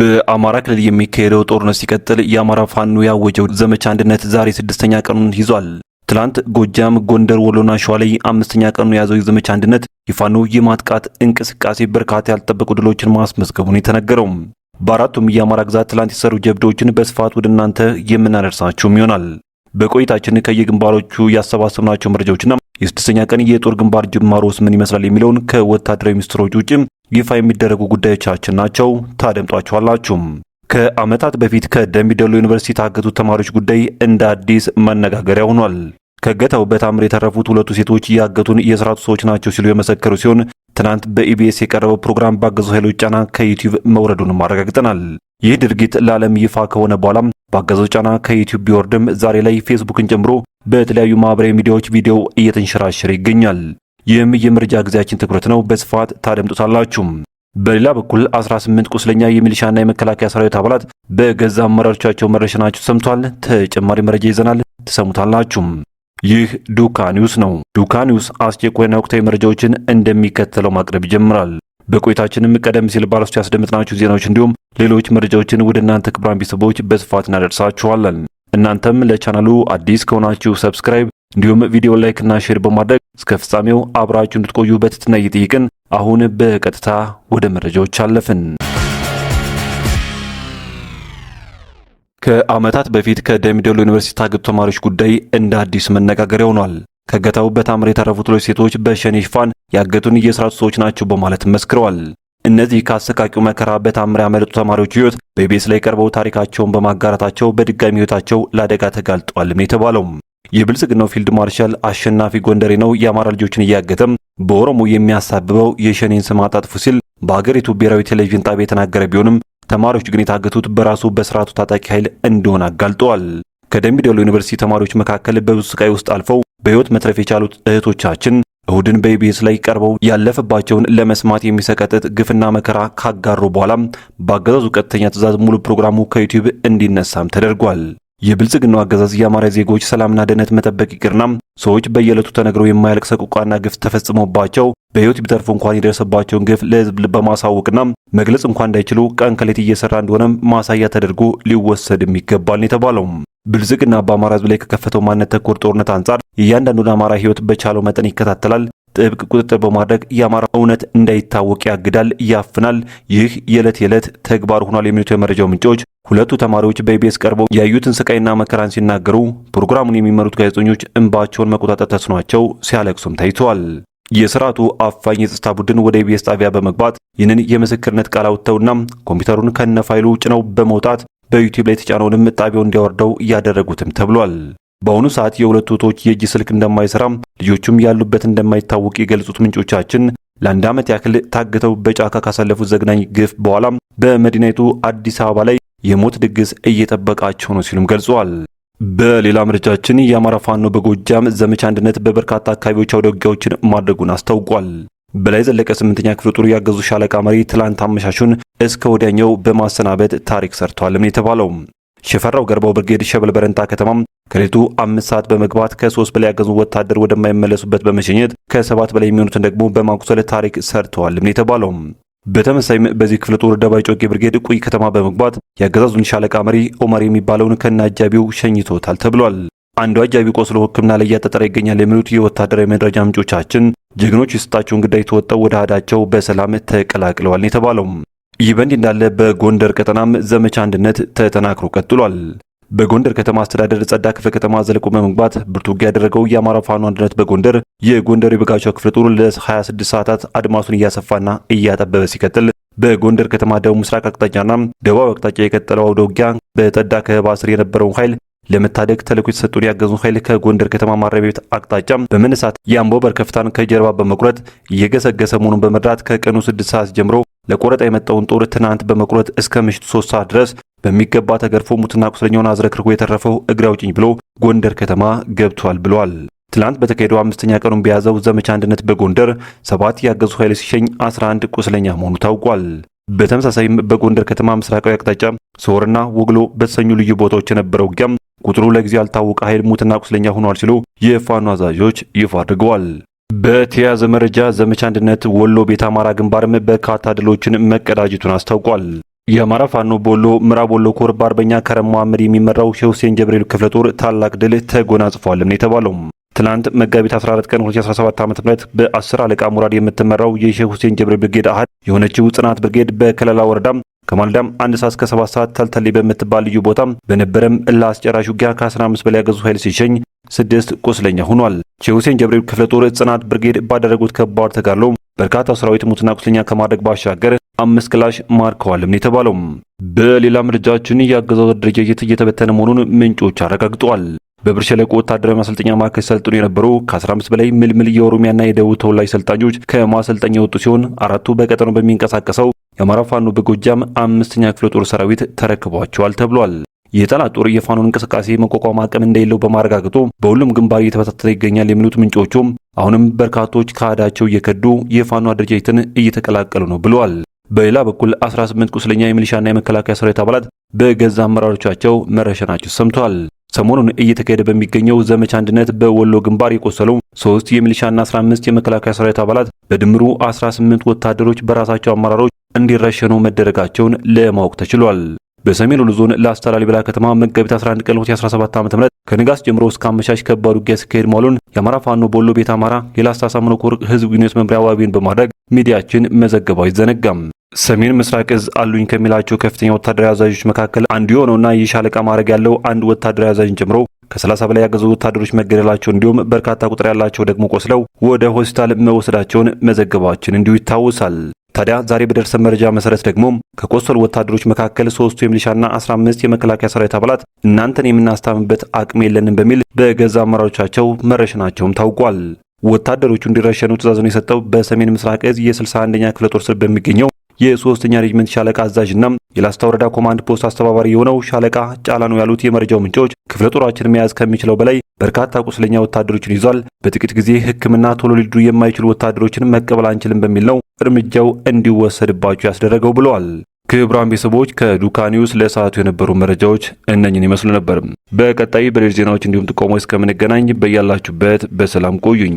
በአማራ ክልል የሚካሄደው ጦርነት ሲቀጥል የአማራ ፋኖ ያወጀው ዘመቻ አንድነት ዛሬ ስድስተኛ ቀኑን ይዟል። ትላንት ጎጃም፣ ጎንደር፣ ወሎና ሸዋ ላይ አምስተኛ ቀኑን የያዘው የዘመቻ አንድነት የፋኖ የማጥቃት እንቅስቃሴ በርካታ ያልጠበቁ ድሎችን ማስመዝገቡን የተነገረው በአራቱም የአማራ ግዛት ትላንት የሰሩ ጀብዶችን በስፋት ወደ እናንተ የምናደርሳችሁም ይሆናል። በቆይታችን ከየግንባሮቹ ያሰባሰብናቸው መረጃዎችና የስድስተኛ ቀን የጦር ግንባር ጅማሮስ ምን ይመስላል የሚለውን ከወታደራዊ ሚኒስትሮች ውጭም ይፋ የሚደረጉ ጉዳዮቻችን ናቸው። ታደምጧቸዋላችሁም። ከዓመታት በፊት ከደምቢዶሎ ዩኒቨርሲቲ የታገቱት ተማሪዎች ጉዳይ እንደ አዲስ መነጋገሪያ ሆኗል። ከገታው በታምር የተረፉት ሁለቱ ሴቶች ያገቱን የስርዓቱ ሰዎች ናቸው ሲሉ የመሰከሩ ሲሆን ትናንት በኢቢኤስ የቀረበው ፕሮግራም ባገዙ ኃይሎች ጫና ከዩቲዩብ መውረዱንም አረጋግጠናል። ይህ ድርጊት ለዓለም ይፋ ከሆነ በኋላም ባገዘው ጫና ከዩቲዩብ ቢወርድም ዛሬ ላይ ፌስቡክን ጨምሮ በተለያዩ ማህበራዊ ሚዲያዎች ቪዲዮ እየተንሸራሸረ ይገኛል። ይህም የምርጫ ጊዜያችን ትኩረት ነው። በስፋት ታደምጡታላችሁ። በሌላ በኩል 18 ቁስለኛ የሚሊሻና የመከላከያ ሰራዊት አባላት በገዛ አመራሮቻቸው መረሸናቸው ሰምቷል። ተጨማሪ መረጃ ይዘናል፣ ትሰሙታላችሁ። ይህ ዱካ ኒውስ ነው። ዱካ ኒውስ አስቸኳይና ወቅታዊ መረጃዎችን እንደሚከተለው ማቅረብ ይጀምራል። በቆይታችንም ቀደም ሲል ባለስቱ ያስደምጥናችሁ ዜናዎች እንዲሁም ሌሎች መረጃዎችን ወደ እናንተ ክቡራን ቤተሰቦች በስፋት እናደርሳችኋለን። እናንተም ለቻናሉ አዲስ ከሆናችሁ ሰብስክራይብ፣ እንዲሁም ቪዲዮ ላይክና ሼር በማድረግ እስከ ፍጻሜው አብራችሁ እንድትቆዩ በትህትና እየጠየቅን አሁን በቀጥታ ወደ መረጃዎች አለፍን። ከዓመታት በፊት ከደምቢዶሎ ዩኒቨርሲቲ የታገቱ ተማሪዎች ጉዳይ እንደ አዲስ መነጋገሪያ ሆኗል። ከገታው በታምር የተረፉት ሁለት ሴቶች በሸኔ ሽፋን ያገቱን የስርዓቱ ሰዎች ናቸው በማለት መስክረዋል። እነዚህ ከአሰቃቂው መከራ በታምር ያመለጡ ተማሪዎች ህይወት በኢቢኤስ ላይ ቀርበው ታሪካቸውን በማጋራታቸው በድጋሚ ህይወታቸው ለአደጋ ተጋልጧልም የተባለው የብልጽግናው ፊልድ ማርሻል አሸናፊ ጎንደሬ ነው የአማራ ልጆችን እያገተም በኦሮሞ የሚያሳብበው የሸኔን ስም አጣጥፉ ሲል በሀገሪቱ ብሔራዊ ቴሌቪዥን ጣቢያ የተናገረ ቢሆንም ተማሪዎች ግን የታገቱት በራሱ በስርዓቱ ታጣቂ ኃይል እንደሆነ አጋልጠዋል። ከደምቢዶሎ ዩኒቨርሲቲ ተማሪዎች መካከል በብዙ ስቃይ ውስጥ አልፈው በሕይወት መትረፍ የቻሉት እህቶቻችን እሁድን በኢቢኤስ ላይ ቀርበው ያለፈባቸውን ለመስማት የሚሰቀጥጥ ግፍና መከራ ካጋሩ በኋላም በአገዛዙ ቀጥተኛ ትእዛዝ ሙሉ ፕሮግራሙ ከዩቲዩብ እንዲነሳም ተደርጓል። የብልጽግናው አገዛዝ የአማራ ዜጎች ሰላምና ደህንነት መጠበቅ ይቅርና ሰዎች በየዕለቱ ተነግረው የማያልቅ ሰቆቃና ግፍ ተፈጽሞባቸው በሕይወት ቢተርፉ እንኳን የደረሰባቸውን ግፍ ለሕዝብ በማሳወቅና መግለጽ እንኳን እንዳይችሉ ቀን ከሌት እየሰራ እንደሆነም ማሳያ ተደርጎ ሊወሰድም ይገባል የተባለው ብልጽግና በአማራ ሕዝብ ላይ ከከፈተው ማንነት ተኮር ጦርነት አንጻር እያንዳንዱን አማራ ሕይወት በቻለው መጠን ይከታተላል። ጥብቅ ቁጥጥር በማድረግ የአማራ እውነት እንዳይታወቅ ያግዳል፣ ያፍናል። ይህ የዕለት የዕለት ተግባር ሆኗል የሚሉት የመረጃው ምንጮች ሁለቱ ተማሪዎች በኢቢኤስ ቀርበው ያዩትን ስቃይና መከራን ሲናገሩ ፕሮግራሙን የሚመሩት ጋዜጠኞች እንባቸውን መቆጣጠር ተስኗቸው ሲያለቅሱም ታይተዋል። የስርዓቱ አፋኝ የጸጥታ ቡድን ወደ ኢቢኤስ ጣቢያ በመግባት ይህንን የምስክርነት ቃል አውጥተውና ኮምፒውተሩን ከነፋይሉ ጭነው በመውጣት በዩቲዩብ ላይ የተጫነውን ጣቢያው እንዲያወርደው እያደረጉትም ተብሏል። በአሁኑ ሰዓት የሁለቱ እህቶች የእጅ ስልክ እንደማይሰራም ልጆቹም ያሉበት እንደማይታወቅ የገለጹት ምንጮቻችን ለአንድ ዓመት ያክል ታግተው በጫካ ካሳለፉት ዘግናኝ ግፍ በኋላም በመዲናይቱ አዲስ አበባ ላይ የሞት ድግስ እየጠበቃቸው ነው ሲሉም ገልጿል። በሌላ ምርጫችን የአማራ ፋኖ በጎጃም ዘመቻ አንድነት በበርካታ አካባቢዎች አውደ ውጊያዎችን ማድረጉን አስታውቋል። በላይ ዘለቀ ስምንተኛ ክፍለ ጦር ያገዙ ሻለቃ መሪ ትላንት አመሻሹን እስከ ወዲያኛው በማሰናበት ታሪክ ሰርቷልም የተባለው ሽፈራው ገርባው ብርጌድ ሸበል በረንታ ከተማም ከሌቱ አምስት ሰዓት በመግባት ከሶስት በላይ ያገዙ ወታደር ወደማይመለሱበት በመሸኘት ከሰባት በላይ የሚሆኑትን ደግሞ በማቁሰል ታሪክ ሰርተዋልም የተባለው በተመሳይም በዚህ ክፍለ ጦር ደባይ ጮቄ ብርጌድ ቁይ ከተማ በመግባት የአገዛዙን ሻለቃ መሪ ኦማር የሚባለውን ከነ አጃቢው ሸኝቶታል ተብሏል። አንዱ አጃቢው ቆስሎ ሕክምና ላይ እያጠጠረ ይገኛል የሚሉት የወታደራዊ መረጃ ምንጮቻችን ጀግኖች የሰጣቸውን ግዳይ ተወጠው ወደ አዳቸው በሰላም ተቀላቅለዋል የተባለው ይህ በእንዲህ እንዳለ በጎንደር ቀጠናም ዘመቻ አንድነት ተጠናክሮ ቀጥሏል። በጎንደር ከተማ አስተዳደር ጸዳ ክፍለ ከተማ ዘልቆ በመግባት ብርቱ ውጊያ ያደረገው የአማራ ፋኖ አንድነት በጎንደር የጎንደር የበጋሻው ክፍለ ጦር ለ26 ሰዓታት አድማሱን እያሰፋና እያጠበበ ሲቀጥል በጎንደር ከተማ ደቡብ ምስራቅ አቅጣጫና ደቡብ አቅጣጫ የቀጠለው አውደ ውጊያ በጸዳ ከበባ ስር የነበረውን ኃይል ለመታደግ ተልዕኮ የተሰጡን ያገዙን ኃይል ከጎንደር ከተማ ማረሚያ ቤት አቅጣጫ በመነሳት የአምቦ በርከፍታን ከጀርባ በመቁረጥ እየገሰገሰ መሆኑን በመርዳት ከቀኑ 6 ሰዓት ጀምሮ ለቆረጣ የመጣውን ጦር ትናንት በመቁረጥ እስከ ምሽቱ 3 ሰዓት ድረስ በሚገባ ተገርፎ ሙትና ቁስለኛውን አዝረክርኮ የተረፈው እግሬ አውጭኝ ብሎ ጎንደር ከተማ ገብቷል ብሏል። ትላንት በተካሄደው አምስተኛ ቀኑን በያዘው ዘመቻ አንድነት በጎንደር ሰባት ያገዙ ኃይል ሲሸኝ 11 ቁስለኛ መሆኑ ታውቋል። በተመሳሳይም በጎንደር ከተማ ምስራቃዊ አቅጣጫ ሶርና ወግሎ በተሰኙ ልዩ ቦታዎች የነበረው ውጊያም ቁጥሩ ለጊዜ ያልታወቀ ኃይል ሙትና ቁስለኛ ሆኗል ሲሉ የፋኖ አዛዦች ይፋ አድርገዋል። በተያያዘ መረጃ ዘመቻ አንድነት ወሎ ቤት አማራ ግንባርም በርካታ ድሎችን መቀዳጀቱን አስታውቋል። የአማራ ፋኖ ቦሎ ምዕራብ ወሎ ኮር በአርበኛ ከረም መሐመድ የሚመራው የሁሴን ጀብሬል ክፍለ ጦር ታላቅ ድል ተጎናጽፏል ነው የተባለው። ትናንት መጋቢት 14 ቀን 2017 ዓ.ም በ10 አለቃ ሙራድ የምትመራው የሼህ ሁሴን ጀብሬል ብርጌድ አህድ የሆነችው ጽናት ብርጌድ በከለላ ወረዳም ከማልዳም አንድ ሰዓት እስከ 7 ሰዓት ተልተሌ በምትባል ልዩ ቦታ በነበረም ለአስጨራሽ ውጊያ ከ15 በላይ ያገዙ ኃይል ሲሸኝ ስድስት ቁስለኛ ሆኗል። ሁሴን ጀብሬል ክፍለ ጦር ጽናት ብርጌድ ባደረጉት ከባድ ተጋድሎ በርካታ ሰራዊት ሙትና ቁስለኛ ከማድረግ ባሻገር አምስት ክላሽ ማርከዋልም ነው የተባለው። በሌላ መረጃችን የአገዛዙ አደረጃጀት እየተበተነ መሆኑን ምንጮች አረጋግጠዋል። በብር ሸለቆ ወታደራዊ ማሰልጠኛ ማዕከል ሰልጥኖ የነበሩ ከ15 በላይ ምልምል የኦሮሚያና የደቡብ ተወላጅ ሰልጣኞች ከማሰልጠኛ የወጡ ሲሆን አራቱ በቀጠናው በሚንቀሳቀሰው የአማራ ፋኖ በጎጃም አምስተኛ ክፍለ ጦር ሰራዊት ተረክቧቸዋል ተብሏል። የጠላት ጦር የፋኖን እንቅስቃሴ መቋቋም አቅም እንደሌለው በማረጋገጡ በሁሉም ግንባር እየተበታተነ ይገኛል የሚሉት ምንጮቹም አሁንም በርካቶች ከአዳቸው እየከዱ የፋኖ አደረጃጀትን እየተቀላቀሉ ነው ብለዋል። በሌላ በኩል 18 ቁስለኛ የሚሊሻና የመከላከያ ሰራዊት አባላት በገዛ አመራሮቻቸው መረሸናቸው ሰምቷል። ሰሞኑን እየተካሄደ በሚገኘው ዘመቻ አንድነት በወሎ ግንባር የቆሰሉ ሶስት የሚሊሻና 15 የመከላከያ ሰራዊት አባላት በድምሩ 18 ወታደሮች በራሳቸው አመራሮች እንዲረሸኑ መደረጋቸውን ለማወቅ ተችሏል። በሰሜን ወሎ ዞን ላስታ ላሊበላ ከተማ መጋቢት 11 ቀን 2017 ዓ.ም ከንጋስ ጀምሮ እስከ አመሻሽ ከባድ ውጊያ ሲካሄድ መዋሉን የአማራ ፋኖ በወሎ ቤት አማራ የላስታ ሳምኖ ኮር ህዝብ ግንኙነት መምሪያ ዋቢን በማድረግ ሚዲያችን መዘገባው አይዘነጋም። ሰሜን ምስራቅ እዝ አሉኝ ከሚላቸው ከፍተኛ ወታደራዊ አዛዦች መካከል አንዱ የሆነውና የሻለቃ ማዕረግ ያለው አንድ ወታደራዊ አዛዥን ጨምሮ ከ በላይ ያገዙ ወታደሮች መገደላቸው እንዲሁም በርካታ ቁጥር ያላቸው ደግሞ ቆስለው ወደ ሆስፒታል መወሰዳቸውን መዘገባችን እንዲሁ ይታወሳል። ታዲያ ዛሬ በደረሰ መረጃ መሰረት ደግሞ ከቆሰሉ ወታደሮች መካከል ሶስቱ የሚሊሻና 15 የመከላከያ ሰራዊት አባላት እናንተን የምናስታምበት አቅም የለንም በሚል በገዛ አመራሮቻቸው መረሸናቸውም ታውቋል። ወታደሮቹ እንዲረሸኑ ትእዛዙን የሰጠው በሰሜን ምስራቅ እዝ የ61ኛ ክፍለ ጦር ስር በሚገኘው የሶስተኛ ሬጅመንት ሻለቃ አዛዥና የላስታ ወረዳ ኮማንድ ፖስት አስተባባሪ የሆነው ሻለቃ ጫላ ነው ያሉት የመረጃው ምንጮች ክፍለ ጦራችን መያዝ ከሚችለው በላይ በርካታ ቁስለኛ ወታደሮችን ይዟል። በጥቂት ጊዜ ሕክምና ቶሎ ሊዱ የማይችሉ ወታደሮችን መቀበል አንችልም በሚል ነው እርምጃው እንዲወሰድባቸው ያስደረገው ብለዋል። ክቡራን ቤተሰቦች ከዱካ ኒውስ ለሰዓቱ የነበሩ መረጃዎች እነኝን ይመስሉ ነበር። በቀጣይ በሌሎች ዜናዎች እንዲሁም ጥቆማዎች እስከምንገናኝ በያላችሁበት በሰላም ቆዩኝ።